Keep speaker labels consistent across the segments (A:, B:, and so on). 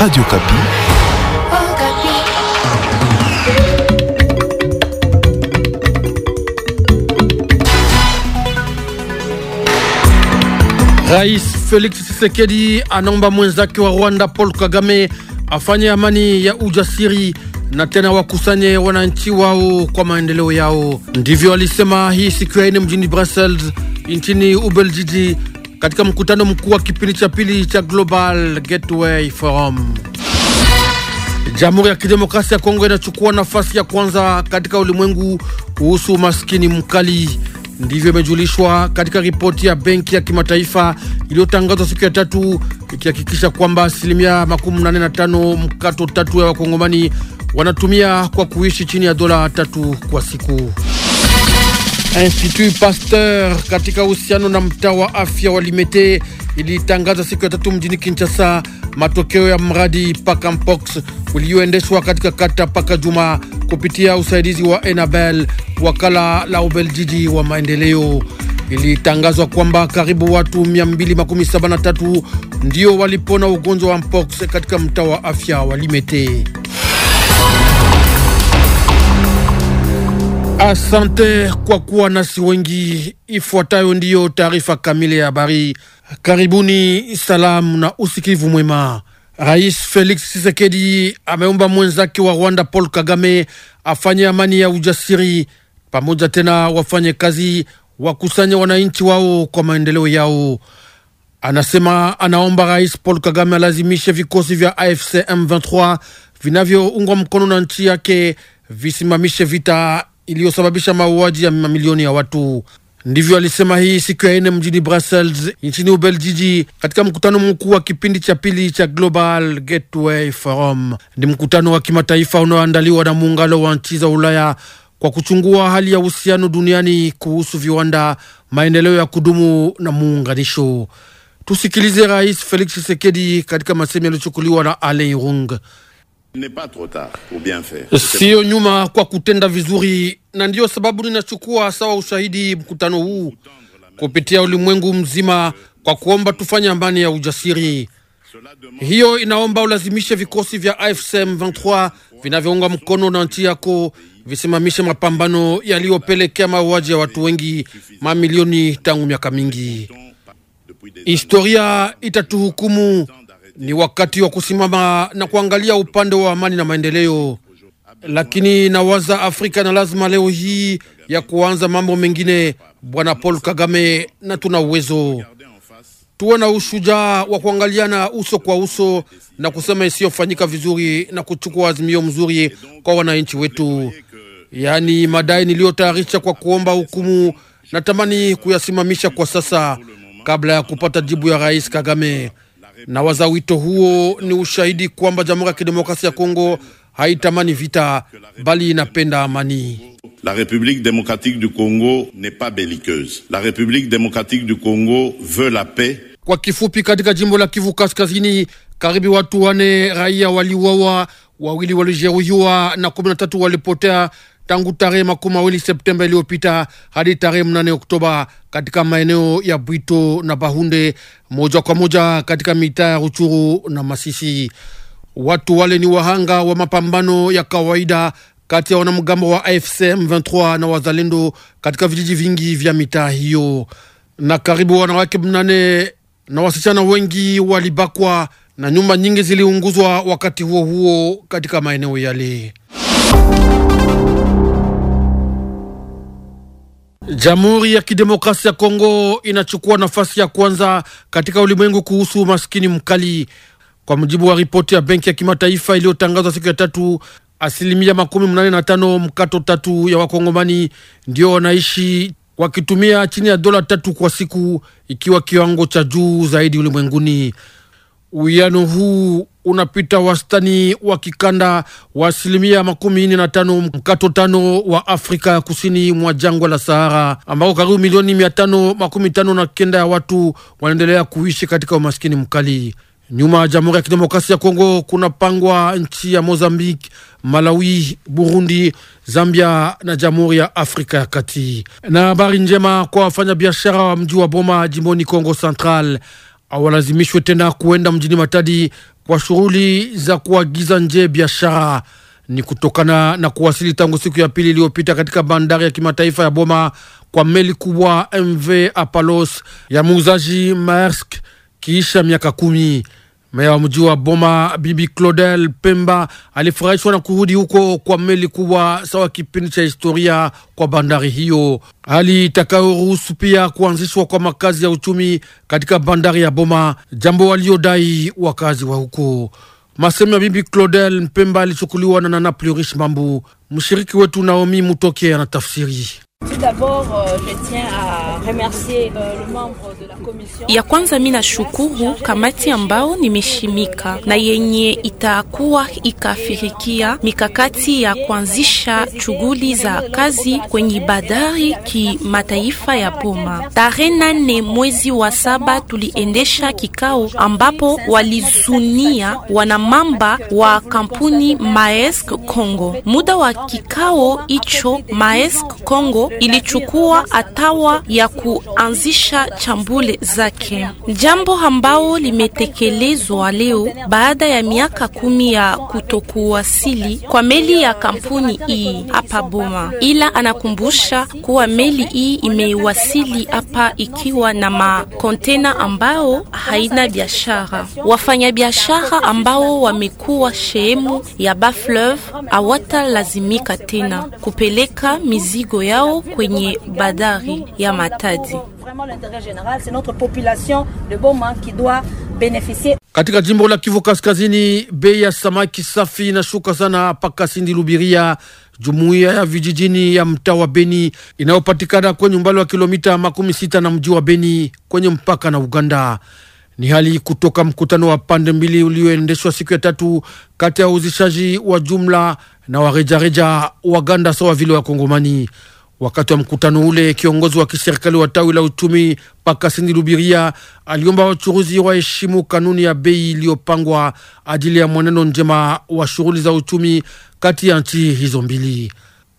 A: Radio Kapi.
B: Rais Felix Tshisekedi anaomba mwenzake wa Rwanda Paul Kagame afanye amani ya ujasiri na tena wakusanye wananchi wao kwa maendeleo yao. Ndivyo alisema hii siku ya ine mjini Brussels nchini Ubelgiji katika mkutano mkuu wa kipindi cha pili cha Global Gateway Forum. Jamhuri ya Kidemokrasia ya Kongo inachukua nafasi ya kwanza katika ulimwengu kuhusu umaskini mkali. Ndivyo imejulishwa katika ripoti ya Benki ya Kimataifa iliyotangazwa siku ya tatu, ikihakikisha kwamba asilimia 85 tano mkato tatu ya Wakongomani wanatumia kwa kuishi chini ya dola tatu kwa siku. Institut Pasteur katika uhusiano na mtaa wa afya wa Limete ilitangaza siku ya tatu mjini Kinshasa matokeo ya mradi Pakampox ulioendeshwa katika kata Paka Juma kupitia usaidizi wa Enabel, wakala la Ubeljiji wa maendeleo. Ilitangazwa kwamba karibu watu 273 ndio walipona ugonjwa wa mpox katika mtaa wa afya wa Limete. Asante kwa kuwa nasi wengi. Ifuatayo ndiyo taarifa kamili ya habari. Karibuni, salamu na usikivu mwema. Rais Felix Tshisekedi ameomba mwenzake wa Rwanda Paul Kagame afanye amani ya ujasiri, pamoja tena wafanye kazi, wakusanye wananchi wao kwa maendeleo yao. Anasema anaomba Rais Paul Kagame alazimishe vikosi vya AFC M23 vinavyoungwa mkono na nchi yake visimamishe vita iliyosababisha mauaji ya mamilioni ya watu. Ndivyo alisema hii siku ya ine mjini Brussels nchini Ubeljiji, katika mkutano mkuu wa kipindi cha pili cha Global Gateway Forum. Ni mkutano wa kimataifa unaoandaliwa na muungano wa nchi za Ulaya kwa kuchungua hali ya uhusiano duniani kuhusu viwanda, maendeleo ya kudumu na muunganisho. Tusikilize Rais Felix Tshisekedi katika masemi yaliyochukuliwa na Alain Rung. Siyo nyuma kwa kutenda vizuri na ndiyo sababu ninachukua sawa ushahidi mkutano huu kupitia ulimwengu mzima kwa kuomba tufanye amani ya ujasiri. Hiyo inaomba ulazimishe vikosi vya AFSM 23 vinavyounga mkono na nchi yako visimamishe mapambano yaliyopelekea mauaji ya watu wengi mamilioni tangu miaka mingi. Historia itatuhukumu. Ni wakati wa kusimama na kuangalia upande wa amani na maendeleo lakini nawaza Afrika na lazima leo hii ya kuanza mambo mengine, Bwana Paul Kagame, na tuna uwezo tuwe na ushujaa wa kuangaliana uso kwa uso na kusema isiyofanyika vizuri na kuchukua azimio mzuri kwa wananchi wetu. Yaani, madai niliyotayarisha kwa kuomba hukumu natamani kuyasimamisha kwa sasa kabla ya kupata jibu ya Rais Kagame. Nawaza wito huo ni ushahidi kwamba Jamhuri ya Kidemokrasia ya Kongo haitamani vita, bali inapenda amani. La République démocratique du Congo n'est pas belliqueuse. La République démocratique du Congo veut la paix. Kwa kifupi, katika jimbo la Kivu Kaskazini, karibu watu wane raia waliuawa, wawili walijeruhiwa na 13 walipotea tangu tarehe makumi mawili Septemba iliyopita hadi tarehe mnane Oktoba katika maeneo ya Bwito na Bahunde, moja kwa moja katika mitaa ya Ruchuru na Masisi. Watu wale ni wahanga wa mapambano ya kawaida kati ya wanamgambo wa AFC M23 na wazalendo katika vijiji vingi vya mitaa hiyo, na karibu wanawake mnane na wasichana wengi walibakwa na nyumba nyingi ziliunguzwa wakati huo huo katika maeneo yale. Jamhuri ya Kidemokrasia ya Kongo inachukua nafasi ya kwanza katika ulimwengu kuhusu umaskini mkali. Kwa mujibu wa ripoti ya benki ya kimataifa iliyotangazwa siku ya tatu, asilimia makumi mnane na tano mkato tatu ya wakongomani ndio wanaishi wakitumia chini ya dola tatu kwa siku, ikiwa kiwango cha juu zaidi ulimwenguni. Uwiano huu unapita wastani wa kikanda wa asilimia makumi nne na tano mkato tano wa Afrika ya kusini mwa jangwa la Sahara, ambako karibu milioni mia tano makumi tano na kenda ya watu wanaendelea kuishi katika umaskini mkali. Nyuma ya Jamhuri ya Kidemokrasia ya Kongo kunapangwa nchi ya Mozambique, Malawi, Burundi, Zambia na Jamhuri ya Afrika ya Kati. Na habari njema kwa wafanyabiashara wa mji wa Boma jimboni Kongo Central, awalazimishwe tena kuenda mjini Matadi kwa shughuli za kuagiza nje biashara. Ni kutokana na kuwasili tangu siku ya pili iliyopita katika bandari ya kimataifa ya Boma kwa meli kubwa MV Apalos ya muuzaji Maersk kiisha miaka kumi. Meya wa mji wa Boma Bibi Claudel Pemba alifurahishwa na kurudi huko kwa meli kubwa sawa kipindi cha historia kwa bandari hiyo, hali itakayoruhusu pia kuanzishwa kwa makazi ya uchumi katika bandari ya Boma, jambo waliodai wakazi wa huko. Masemo ya Bibi Claudel Mpemba alichukuliwa na Nana Plurish Mambu. Mshiriki wetu Naomi Mutoke anatafsiri.
C: Tout d'abord, euh, je tiens à remercier euh, le membre de la commission. Ya kwanza mimi nashukuru kamati ambao nimeshimika na yenye itakuwa ikafirikia mikakati ya kuanzisha shughuli za kazi kwenye ki kimataifa ya poma Tarehe nane mwezi wa saba tuliendesha kikao ambapo walizunia wanamamba wa kampuni Maesk Congo. Muda wa kikao hicho Maesk Congo ilichukua hatua ya kuanzisha chambule zake, jambo ambao limetekelezwa leo baada ya miaka kumi ya kutokuwasili kwa meli ya kampuni hii e hapa Boma. Ila anakumbusha kuwa meli hii e imewasili hapa ikiwa na makontena ambao haina biashara. Wafanyabiashara ambao wamekuwa sehemu ya Bafleuve hawatalazimika tena kupeleka mizigo yao kwenye badari ya Matadi.
B: Katika jimbo la Kivu Kaskazini, bei ya samaki safi inashuka sana paka Sindi Lubiria, jumuiya ya vijijini ya mtaa wa Beni inayopatikana kwenye umbali wa kilomita makumi sita na mji wa Beni kwenye mpaka na Uganda. Ni hali kutoka mkutano wa pande mbili ulioendeshwa siku ya tatu kati ya wauzishaji wa jumla na warejareja Waganda sawa vile Wakongomani. Wakati wa mkutano ule, kiongozi wa kiserikali wa tawi la uchumi Pakasindi Lubiria aliomba wachuruzi waheshimu kanuni ya bei iliyopangwa ajili ya mwenendo njema wa shughuli za uchumi kati ya nchi hizo mbili.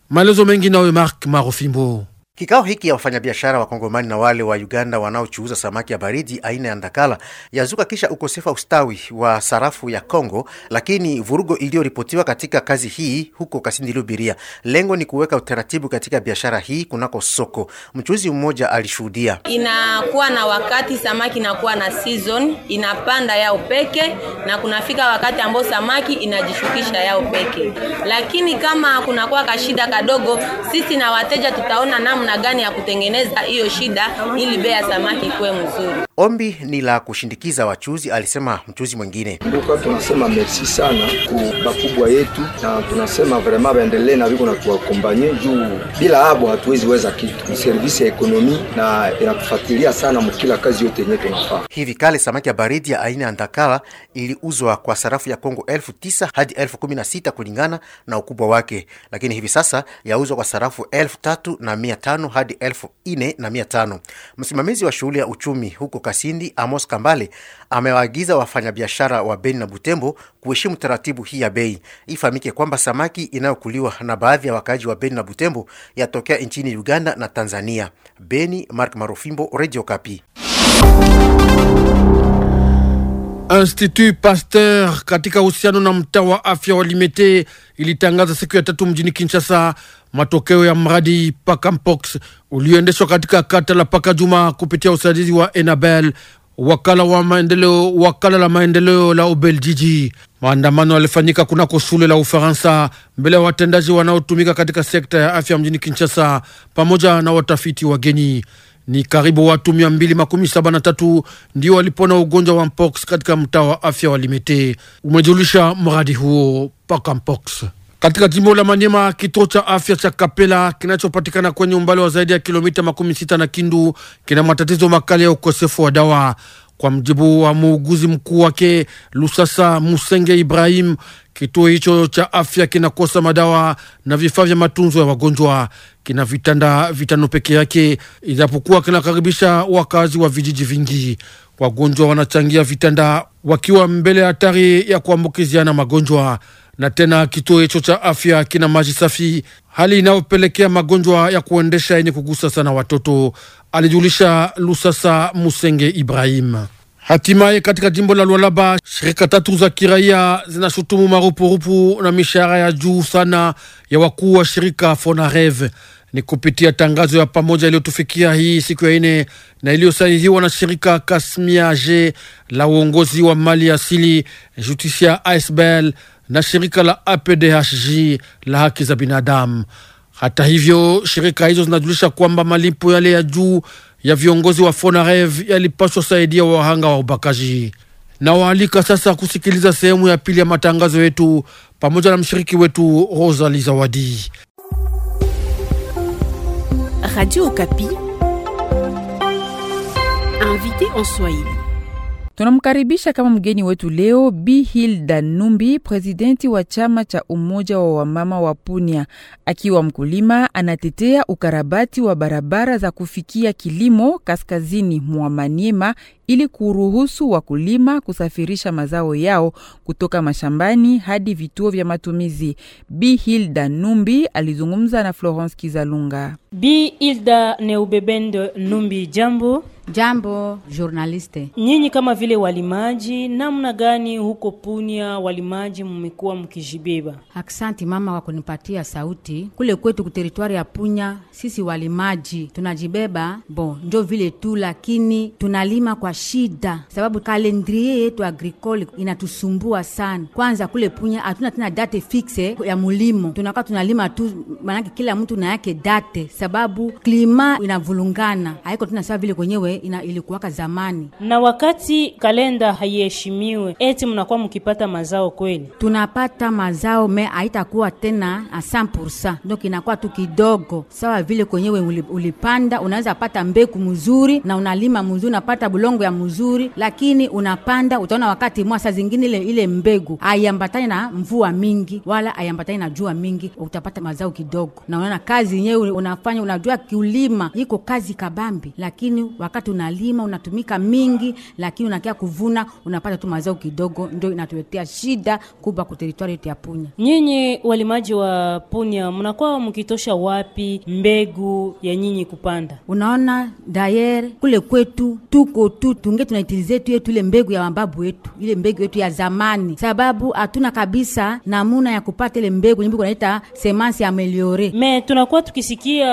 B: Maelezo mengi nawe Mark Marofimbo.
A: Kikao hiki ya wafanyabiashara wa Kongomani na wale wa Uganda wanaochuuza samaki ya baridi aina ya ndakala yazuka kisha ukosefu wa ustawi wa sarafu ya Kongo, lakini vurugo iliyoripotiwa katika kazi hii huko Kasindi Lubiria. Lengo ni kuweka utaratibu katika biashara hii kunako soko. Mchuuzi mmoja alishuhudia:
C: inakuwa na wakati samaki inakuwa na season inapanda yao peke, na kunafika wakati ambao samaki inajishukisha yao peke, lakini kama kunakuwa kashida kadogo, sisi na wateja tutaona namna namna gani ya kutengeneza hiyo shida ili bei ya samaki kuwe mzuri.
A: Ombi ni la kushindikiza wachuzi, alisema mchuzi mwingine. Duka tunasema merci sana ku bakubwa yetu, na tunasema vraiment baendelee na viko na kuwakombanye juu, bila abo hatuwezi weza kitu. service ya ekonomi na inatufuatilia sana mkila kazi yote yenyewe tunafaa. Hivi kale samaki ya baridi ya aina ya ndakala iliuzwa kwa sarafu ya Kongo elfu tisa hadi elfu kumi na sita kulingana na ukubwa wake, lakini hivi sasa yauzwa kwa sarafu elfu tatu na mia tatu 5 hadi 4500. Msimamizi wa shughuli ya uchumi huko Kasindi, Amos Kambale, amewaagiza wafanyabiashara wa Beni na Butembo kuheshimu taratibu hii ya bei. Ifahamike kwamba samaki inayokuliwa na baadhi ya wakaaji wa Beni na Butembo yatokea nchini Uganda na Tanzania. Beni, Mark Marofimbo,
B: Radio Kapi. Institut Pasteur katika uhusiano na mtaa wa afya wa Limete ilitangaza siku ya tatu mjini Kinshasa matokeo ya mradi Pakampox ulioendeshwa katika kata la paka juma kupitia usaidizi wa Enabel, wakala wa maendeleo, wakala la maendeleo la Ubeljiji. Maandamano yalifanyika kunako shule la Ufaransa mbele ya watendaji wanaotumika katika sekta ya afya mjini Kinshasa pamoja na watafiti wageni. Ni karibu watu mia mbili makumi saba na tatu ndio walipona ugonjwa wa mpox katika mtaa wa afya wa Limete, umejulisha mradi huo Paka Mpox katika jimbo la Manyema. Kituo cha afya cha Kapela kinachopatikana kwenye umbali wa zaidi ya kilomita makumi sita na Kindu kina matatizo makali ya ukosefu wa dawa. Kwa mjibu wa muuguzi mkuu wake Lusasa Musenge Ibrahim, Kituo hicho cha afya kinakosa madawa na vifaa vya matunzo ya wagonjwa, kina vitanda vitano peke yake, ijapokuwa kinakaribisha wakazi wa vijiji vingi. Wagonjwa wanachangia vitanda wakiwa mbele ya hatari ya kuambukiziana magonjwa. Na tena kituo hicho cha afya kina maji safi, hali inayopelekea magonjwa ya kuendesha yenye kugusa sana watoto, alijulisha Lusasa Musenge Ibrahim. Hatimaye katika jimbo la Lualaba shirika tatu za kiraia zinashutumu marupurupu na mishahara ya juu sana ya wakuu wa shirika Fonarev. Ni kupitia tangazo ya pamoja iliyotufikia hii siku ya ine na iliyosainiwa na shirika Kasmiage la uongozi wa mali asili Jutisia Icebel na shirika la APDHG la haki za binadamu. Hata hivyo, shirika hizo zinajulisha kwamba malipo yale ya juu ya viongozi wa FONAREV yalipaswa saidia wahanga wa ubakaji. Na waalika sasa kusikiliza sehemu ya pili ya matangazo yetu pamoja na mshiriki wetu Rosali Zawadi.
C: Radio Okapi
D: invité en Swahili.
E: Tunamkaribisha kama mgeni wetu leo Bi Hilda Numbi, presidenti wa chama cha umoja wa wamama wa Punia. Akiwa mkulima, anatetea ukarabati wa barabara za kufikia kilimo kaskazini mwa Maniema, ili kuruhusu wakulima kusafirisha mazao yao kutoka mashambani hadi vituo vya matumizi. Bi Hilda Numbi alizungumza na Florence Kizalunga.
F: Bi Hilda Neubebende Numbi, jambo.
D: Jambo
F: journaliste, nyinyi kama vile walimaji, namna gani huko
D: Punia walimaji mmekuwa mkijibiba? Aksanti mama wa kunipatia sauti. Kule kwetu kuteritwari ya Punya, sisi walimaji tunajibeba, bo njo vile tu, lakini tunalima kwa shida, sababu kalendrie yetu agricole inatusumbua sana. Kwanza kule Punya hatuna tena date fixe ya mulimo, tunakaa tunalima tu, maanake kila mtu na yake date, sababu klima inavulungana, haiko tena sawa vile kwenyewe ina ilikuwaka zamani. Na wakati kalenda haiheshimiwe, eti mnakuwa mkipata mazao kweli? Tunapata mazao me haitakuwa tena a 100%, donc inakuwa tu kidogo sawa vile kwenyewe ulipanda. Unaweza pata mbegu mzuri na unalima mzuri, unapata bulongo ya mzuri, lakini unapanda utaona wakati mwasa zingine ile, ile mbegu haiambatani na mvua mingi wala haiambatani na jua mingi, utapata mazao kidogo. Na unaona kazi yenyewe unafanya, unajua kiulima iko kazi kabambi, lakini wakati unalima unatumika mingi, lakini unakia kuvuna unapata tu mazao kidogo, ndio inatuletea shida kubwa kwa teritwari yetu ya Punya.
F: Nyinyi walimaji wa Punya mnakuwa mkitosha wapi mbegu ya nyinyi kupanda?
D: Unaona dayere kule kwetu tuko tu tunge tunaitilize tu yetu ile mbegu ya mababu wetu, ile mbegu yetu ya zamani, sababu hatuna kabisa namuna ya kupata ile mbegu nyimbi kunaita semence ameliore. Me
F: tunakuwa tukisikia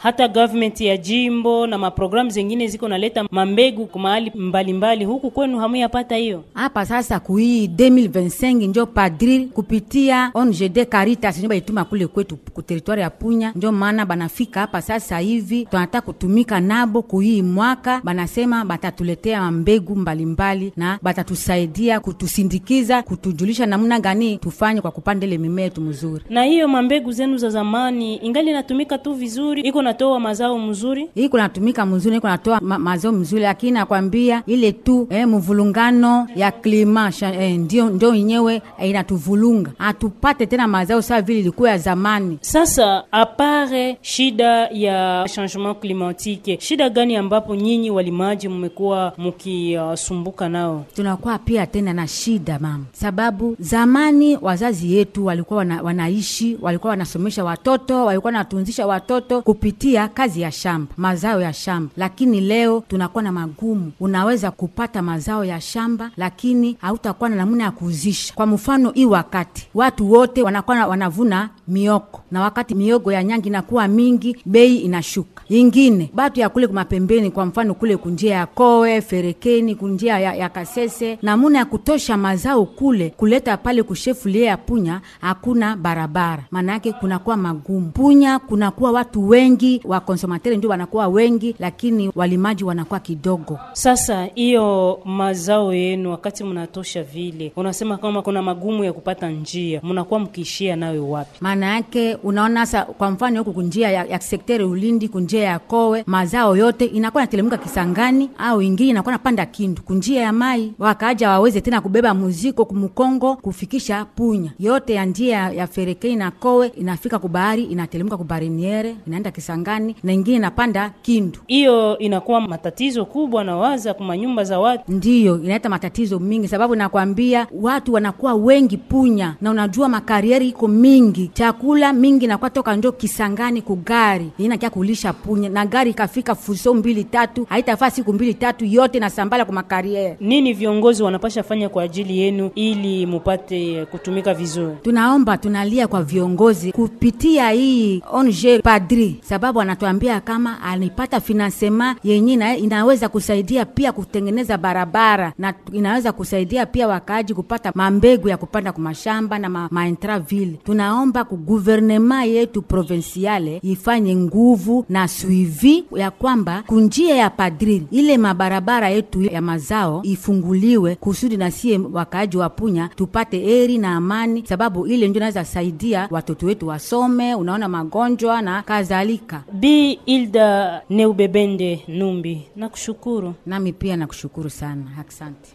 F: hata government ya jimbo na maprogramu zengine
D: ziko naleta mambegu kwa mahali mbalimbali, huku kwenu hamuyapata hiyo hapa. Sasa kuii 2025 njo padri kupitia ONGD Caritas njo baituma kule kwetu ku territoire ya Punya, njo maana banafika hapa sasa hivi, tunataka kutumika nabo kuhii mwaka, banasema bata watatuletea mbegu mbalimbali mbali, na batatusaidia kutusindikiza kutujulisha namna gani tufanye kwa kupanda ile mimea yetu mzuri. Na
F: hiyo mambegu zenu za
D: zamani ingali inatumika tu vizuri, iko natoa mazao mzuri, iko natumika mzuri, iko natoa ma mazao mzuri, lakini nakwambia ile tu eh, mvulungano ya klima eh, ndio ndio yenyewe eh, inatuvulunga hatupate tena mazao sawa vile ilikuwa ya zamani.
F: Sasa apare shida ya changement climatique, shida gani ambapo nyinyi walimaji mmekuwa mnakuwa mkisumbuka uh, nao?
D: Tunakuwa pia tena na shida mama, sababu zamani wazazi yetu walikuwa wana, wanaishi walikuwa wanasomesha watoto walikuwa wanatunzisha watoto kupitia kazi ya shamba, mazao ya shamba, lakini leo tunakuwa na magumu. Unaweza kupata mazao ya shamba, lakini hautakuwa na namna ya kuuzisha. Kwa mfano, hii wakati watu wote wanakuwa wanavuna mioko, na wakati miogo ya nyangi inakuwa mingi, bei inashuka. Ingine batu ya kule kumapembeni, kwa mfano kule kunjia koo mboe Ferekeni, kunjia ya, ya Kasese, namuna ya kutosha mazao kule kuleta pale kushefulia ya Punya hakuna barabara, maanayake kunakuwa magumu. Punya kunakuwa watu wengi wa konsomateri ndio wanakuwa wengi, lakini walimaji wanakuwa kidogo.
F: Sasa hiyo mazao yenu wakati mnatosha vile, unasema kama kuna magumu ya kupata njia, mnakuwa mkiishia nayo wapi?
D: Maana yake unaona sa kwa mfano huku kunjia ya, ya sekteri Ulindi, kunjia ya Kowe, mazao yote inakuwa natelemuka Kisangani au wengine nakuwa napanda kindu kunjia ya mai wakaja waweze tena kubeba muziko kumukongo kufikisha punya yote ya njia ya ferekei na kowe inafika kubahari inatelemuka kubariniere inaenda Kisangani na ingine inapanda Kindu. Hiyo inakuwa matatizo kubwa na waza kwa manyumba za watu, ndiyo inaleta matatizo mingi, sababu nakwambia watu wanakuwa wengi punya, na unajua makarieri iko mingi, chakula mingi inakuwa toka njo Kisangani kugari inakia kulisha punya, na gari ikafika fuso mbili tatu haitafaa siku mbili tatu watu yote na sambala kwa makariere.
F: Nini viongozi wanapasha fanya kwa ajili yenu ili mupate kutumika vizuri?
D: Tunaomba, tunalia kwa viongozi kupitia hii onje padri, sababu anatuambia kama anipata finansema yenye inaweza kusaidia pia kutengeneza barabara na inaweza kusaidia pia wakaaji kupata mambegu ya kupanda kwa mashamba na ma, ville Tunaomba kuguvernema yetu provinsiale ifanye nguvu na suivi ya kwamba kunjia ya padri ile mabara barabara yetu ya mazao ifunguliwe kusudi na sie wakaaji wa Punya tupate eri na amani, sababu ile ndio inaweza saidia watoto wetu wasome, unaona magonjwa na kadhalika. Bi Ilda Neubebende Numbi, nakushukuru. Nami pia nakushukuru sana, asante.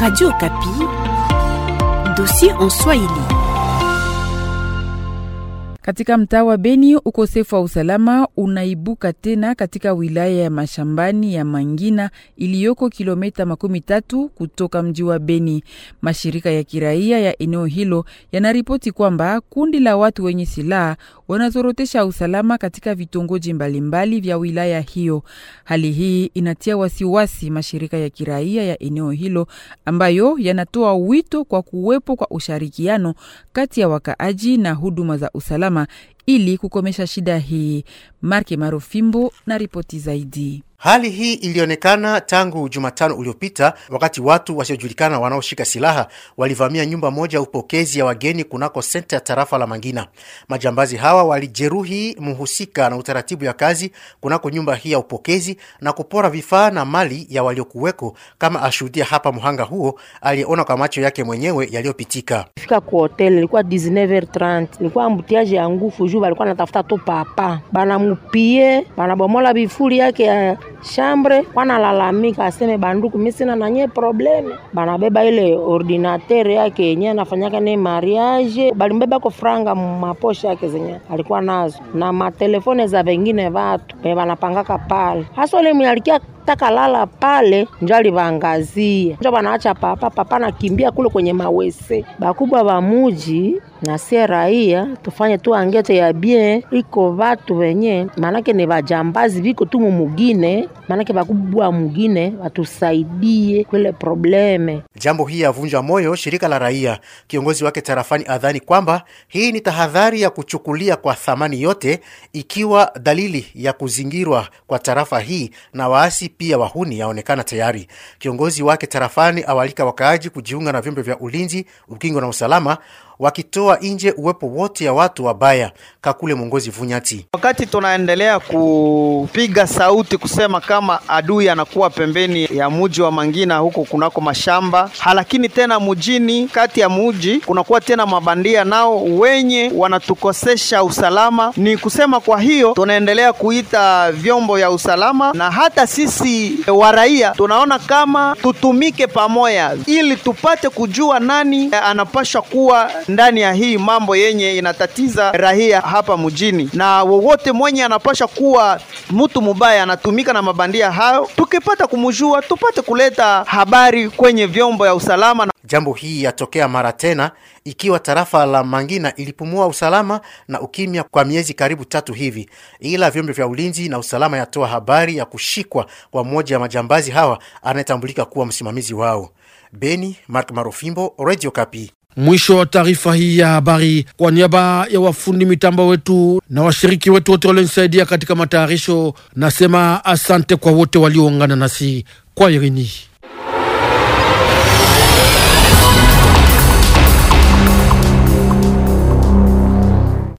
D: Radio Kapi, dossier en Swahili.
E: Katika mtaa wa Beni, ukosefu wa usalama unaibuka tena katika wilaya ya mashambani ya Mangina iliyoko kilomita makumi tatu kutoka mji wa Beni. Mashirika ya kiraia ya eneo hilo yanaripoti kwamba kundi la watu wenye silaha wanazorotesha usalama katika vitongoji mbalimbali vya wilaya hiyo. Hali hii inatia wasiwasi mashirika ya kiraia ya eneo hilo ambayo yanatoa wito kwa kuwepo kwa ushirikiano kati ya wakaaji na huduma za usalama ili kukomesha shida hii. Marke Marofimbo na ripoti zaidi.
A: Hali hii ilionekana tangu Jumatano uliopita wakati watu wasiojulikana wanaoshika silaha walivamia nyumba moja ya upokezi ya wageni kunako senta ya tarafa la Mangina. Majambazi hawa walijeruhi mhusika na utaratibu ya kazi kunako nyumba hii ya upokezi na kupora vifaa na mali ya waliokuweko, kama ashuhudia hapa mhanga huo aliyeona kwa macho yake mwenyewe yaliyopitika.
D: Fika hotel ilikuwa 19h30 ilikuwa ya nguvu juu walikuwa natafuta tu papa banamupie banabomola vifuli yake ya shambre kwanalalamika, aseme banduku, mimi sina nanye probleme. Banabeba ile ordinatere yake yenye anafanyaka ne mariage, balimbeba ko franga maposha yake zenye alikuwa nazo na matelefone za vengine vatu be banapangaka pale hasa ile mwenye takalala pale njo alivangazia njo banaacha papa papa nakimbia kule kwenye mawese bakubwa ba muji na sie raia tufanye tu angete ya bie iko vatu venye maanake ni vajambazi viko tu mumugine, maanake vakubwa mugine watusaidie kwele probleme.
A: Jambo hii yavunja moyo shirika la raia. Kiongozi wake tarafani adhani kwamba hii ni tahadhari ya kuchukulia kwa thamani yote, ikiwa dalili ya kuzingirwa kwa tarafa hii na waasi pia wahuni yaonekana tayari. Kiongozi wake tarafani awalika wakaaji kujiunga na vyombo vya ulinzi, ukingo na usalama wakitoa nje uwepo wote ya watu wabaya kakule mwongozi vunyati. Wakati tunaendelea kupiga sauti kusema kama adui anakuwa pembeni ya muji wa Mangina huko kunako mashamba, lakini tena mujini kati ya muji kunakuwa tena mabandia nao wenye wanatukosesha usalama. Ni kusema kwa hiyo tunaendelea kuita vyombo ya usalama na hata sisi wa raia tunaona kama tutumike pamoja, ili tupate kujua nani anapashwa kuwa ndani ya hii mambo yenye inatatiza rahia hapa mjini, na wowote mwenye anapasha kuwa mtu mubaya anatumika na mabandia hayo, tukipata kumjua tupate kuleta habari kwenye vyombo ya usalama. Jambo hii yatokea mara tena ikiwa tarafa la Mangina ilipumua usalama na ukimya kwa miezi karibu tatu hivi, ila vyombo vya ulinzi na usalama yatoa habari ya kushikwa kwa mmoja ya majambazi hawa anayetambulika kuwa msimamizi wao. Beni, Mark Marofimbo, Radio Kapi.
B: Mwisho wa taarifa hii ya habari. Kwa niaba ya wafundi mitambo wetu na washiriki wetu wote walionisaidia katika matayarisho, nasema asante kwa wote walioungana nasi kwa irini.